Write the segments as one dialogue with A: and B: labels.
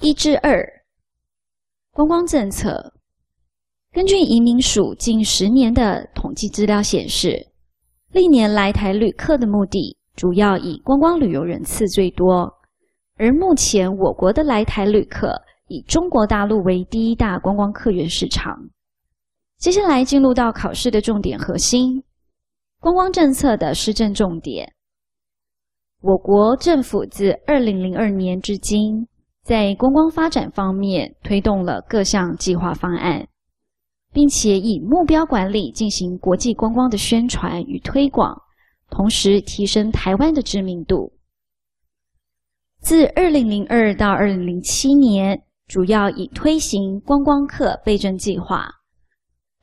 A: 一至二，觀光政策。根據移民署近十年的統計資料顯示，歷年來台旅客的目的主要以觀光旅遊人次最多，而目前我國的來台旅客以中國大陸為第一大觀光客源市場。接下來進入到考試的重點核心，觀光政策的施政重點。我國政府自二零零二年至今。在觀光發展方面，推動了各項計劃方案，並且以目標管理進行國際觀光的宣傳與推廣，同時提升台灣的知名度。自二零零二到二零零七年，主要以推行觀光客倍增計劃；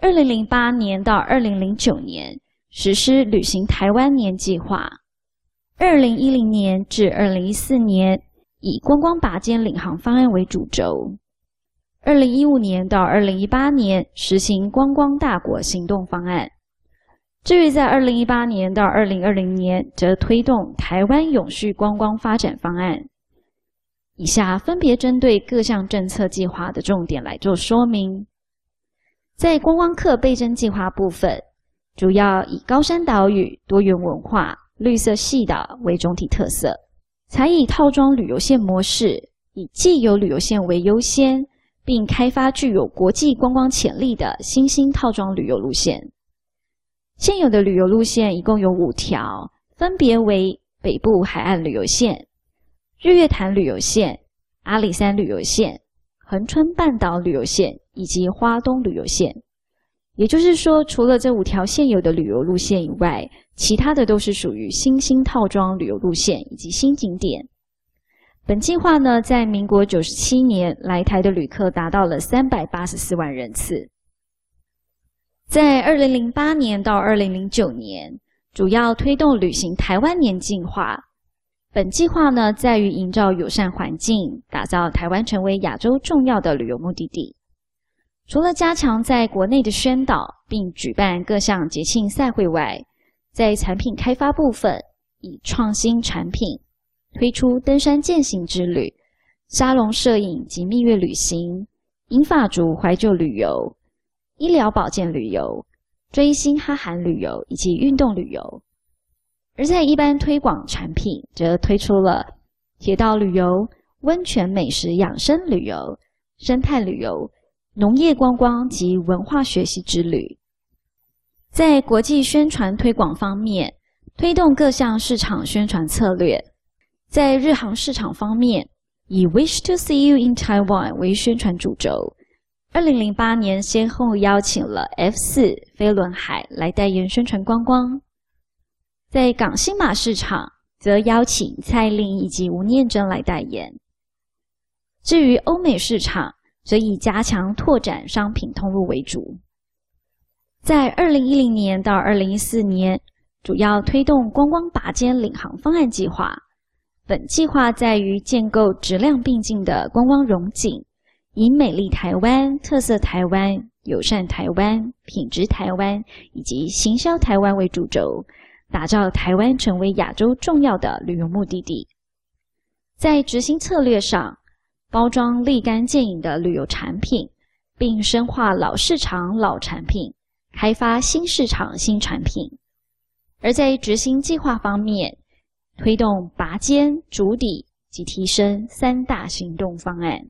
A: 二零零八年到二零零九年，實施旅行台灣年計劃；二零一零年至二零一四年。以觀光拔尖領航方案為主軸，二零一五年到二零一八年實行觀光大國行動方案；至於在二零一八年到二零二零年，則推動台灣永續觀光發展方案。以下分別針對各項政策計劃的重點來做說明。在觀光客倍增計劃部分，主要以高山島嶼、多元文化、綠色矽島為總體特色。才以套裝旅遊線模式，以既有旅遊線為優先，並開發具有國際觀光潛力的新興套裝旅遊路線。現有的旅遊路線一共有五條，分別為北部海岸旅遊線、日月潭旅遊線、阿里山旅遊線、恆春半島旅遊線以及花東旅遊線。也就是說，除了這五條現有的旅遊路線以外，其他的都是屬於新興套裝旅遊路線以及新景點。本計劃呢，在民國九十七年來台的旅客達到了三百八十四萬人次。在二零零八年到二零零九年，主要推動旅行台灣年計劃。本計劃呢，在於營造友善環境，打造台灣成為亞洲重要的旅遊目的地。除了加強在國內的宣導，並舉辦各項節慶賽會外，在產品開發部分，以創新產品推出登山健行之旅、沙龍攝影及蜜月旅行、銀髮族懷舊旅遊、醫療保健旅遊、追星哈韓旅遊以及運動旅遊；而在一般推廣產品，則推出了鐵道旅遊、溫泉美食養生旅遊、生態旅遊。農業觀光及文化學習之旅，在國際宣傳推廣方面，推動各項市場宣傳策略。在日韓市場方面，以 "Wish to see you in Taiwan" 為宣傳主軸。二零零八年，先後邀請了 F 四飛輪海來代言宣傳觀光。在港、新、馬市場，則邀請蔡依林以及吳念真來代言。至於歐美市場，所以加強拓展商品通路為主，在二零一零年到二零一四年，主要推動觀光拔尖領航方案計劃。本計劃在於建構質量并進的觀光榮景，以美麗台灣、特色台灣、友善台灣、品質台灣以及行銷台灣為主軸，打造台灣成為亞洲重要的旅遊目的地。在執行策略上。包裝立竿見影的旅遊產品，並深化老市場老產品，開發新市場新產品。而在執行計劃方面，推動拔尖、築底及提升三大行動方案。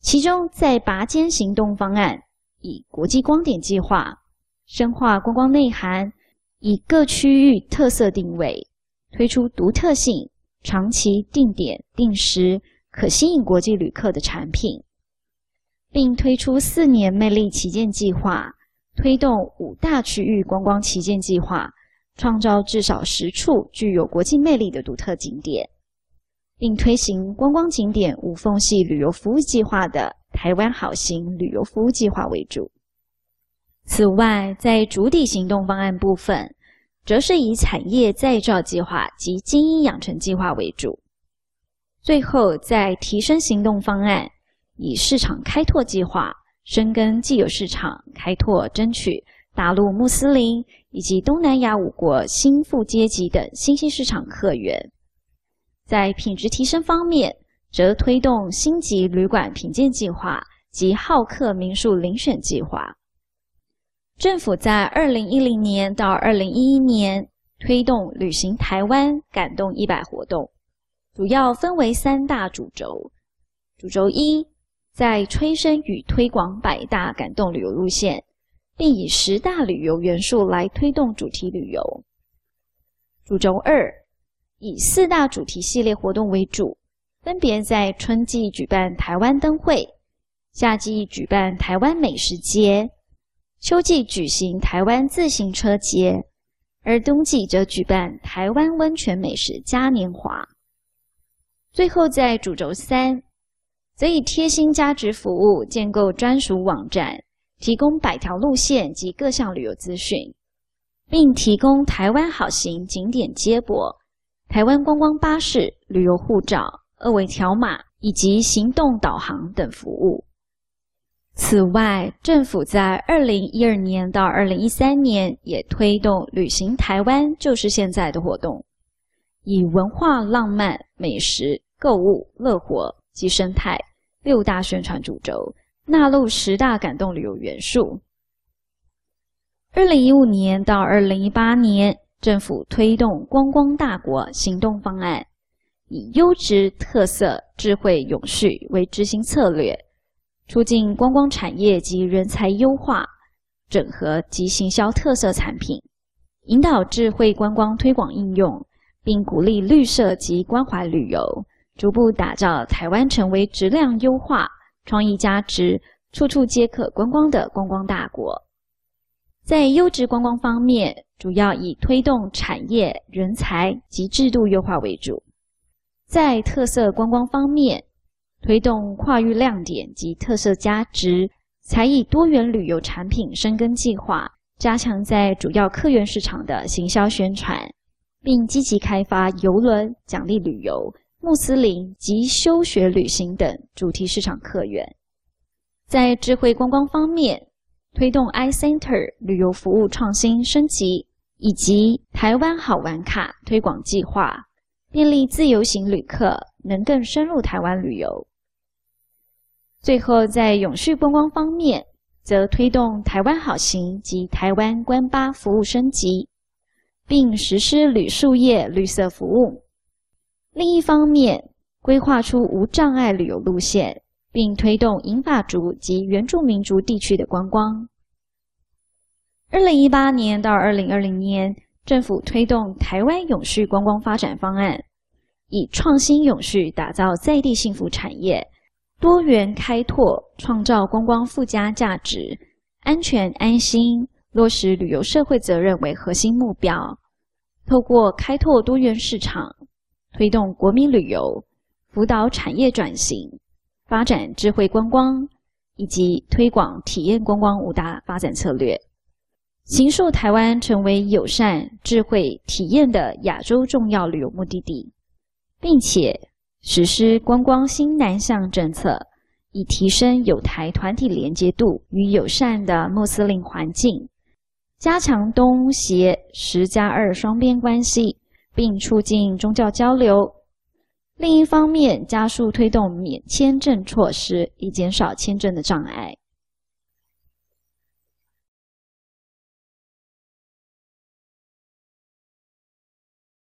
A: 其中，在拔尖行動方案以國際光點計劃深化觀光內涵，以各區域特色定位，推出獨特性、長期定點定時。可吸引國際旅客的產品，並推出四年魅力旗艦計劃，推動五大區域觀光旗艦計劃，創造至少十處具有國際魅力的獨特景點，並推行觀光景點無縫隙旅遊服務計劃的台灣好行旅遊服務計劃為主。此外，在主體行動方案部分，則是以產業再造計劃及精英養成計劃為主。最後，在提升行動方案，以市場開拓計劃深耕既有市場，開拓爭取大陸穆斯林以及東南亞五國新富階級等新興市場客源。在品質提升方面，則推動星級旅館評鑑計劃及好客民宿遴選計劃。政府在二零一零年到二零一一年推動旅行台灣感動一百活動。主要分為三大主軸：主軸一，在催生與推廣百大感動旅遊路線，並以十大旅遊元素來推動主題旅遊；主軸二，以四大主題系列活動為主，分別在春季舉辦台灣燈會，夏季舉辦台灣美食節，秋季舉行台灣自行車節，而冬季則舉辦台灣溫泉美食嘉年華。最後，在主軸三，則以貼心加值服務建構專屬網站，提供百條路線及各項旅遊資訊，並提供台灣好行景點接駁、台灣觀光巴士、旅遊護照、二維條碼以及行動導航等服務。此外，政府在二零一二年到二零一三年也推動“旅行台灣就是現在”的活動。以文化、浪漫、美食、購物、樂活及生態六大宣傳主軸，納入十大感動旅遊元素。二零一五年到二零一八年，政府推動觀光大國行動方案，以優質、特色、智慧、永續為執行策略，促進觀光產業及人才優化、整合及行銷特色產品，引導智慧觀光推廣應用。並鼓勵綠色及關懷旅遊，逐步打造台灣成為質量優化、創意加值、處處皆可觀光的觀光大國。在優質觀光方面，主要以推動產業、人才及制度優化為主；在特色觀光方面，推動跨域亮點及特色加值，才以多元旅遊產品深耕計劃，加強在主要客源市場的行銷宣傳。並積極開發郵輪、獎勵旅遊、穆斯林及休學旅行等主題市場客源；在智慧觀光方面，推動 iCenter 旅遊服務創新升級，以及台灣好玩卡推廣計劃，便利自由行旅客能更深入台灣旅遊。最後，在永續觀光方面，則推動台灣好行及台灣觀巴服務升級。並實施旅宿業綠色服務，另一方面規劃出無障礙旅遊路線，並推動銀髮族及原住民族地區的觀光。二零一八年到二零二零年，政府推動台灣永續觀光發展方案，以創新永續打造在地幸福產業，多元開拓創造觀光附加價值，安全安心。落實旅遊社會責任為核心目標，透過開拓多元市場，推動國民旅遊、輔導產業轉型、發展智慧觀光以及推廣體驗觀光五大發展策略，形塑台灣成為友善、智慧、體驗的亞洲重要旅遊目的地，並且實施觀光新南向政策，以提升友台團體連接度與友善的穆斯林環境。加強東協十加二雙邊關係，並促進宗教交流。另一方面，加速推動免簽證措施，以減少簽證的障礙。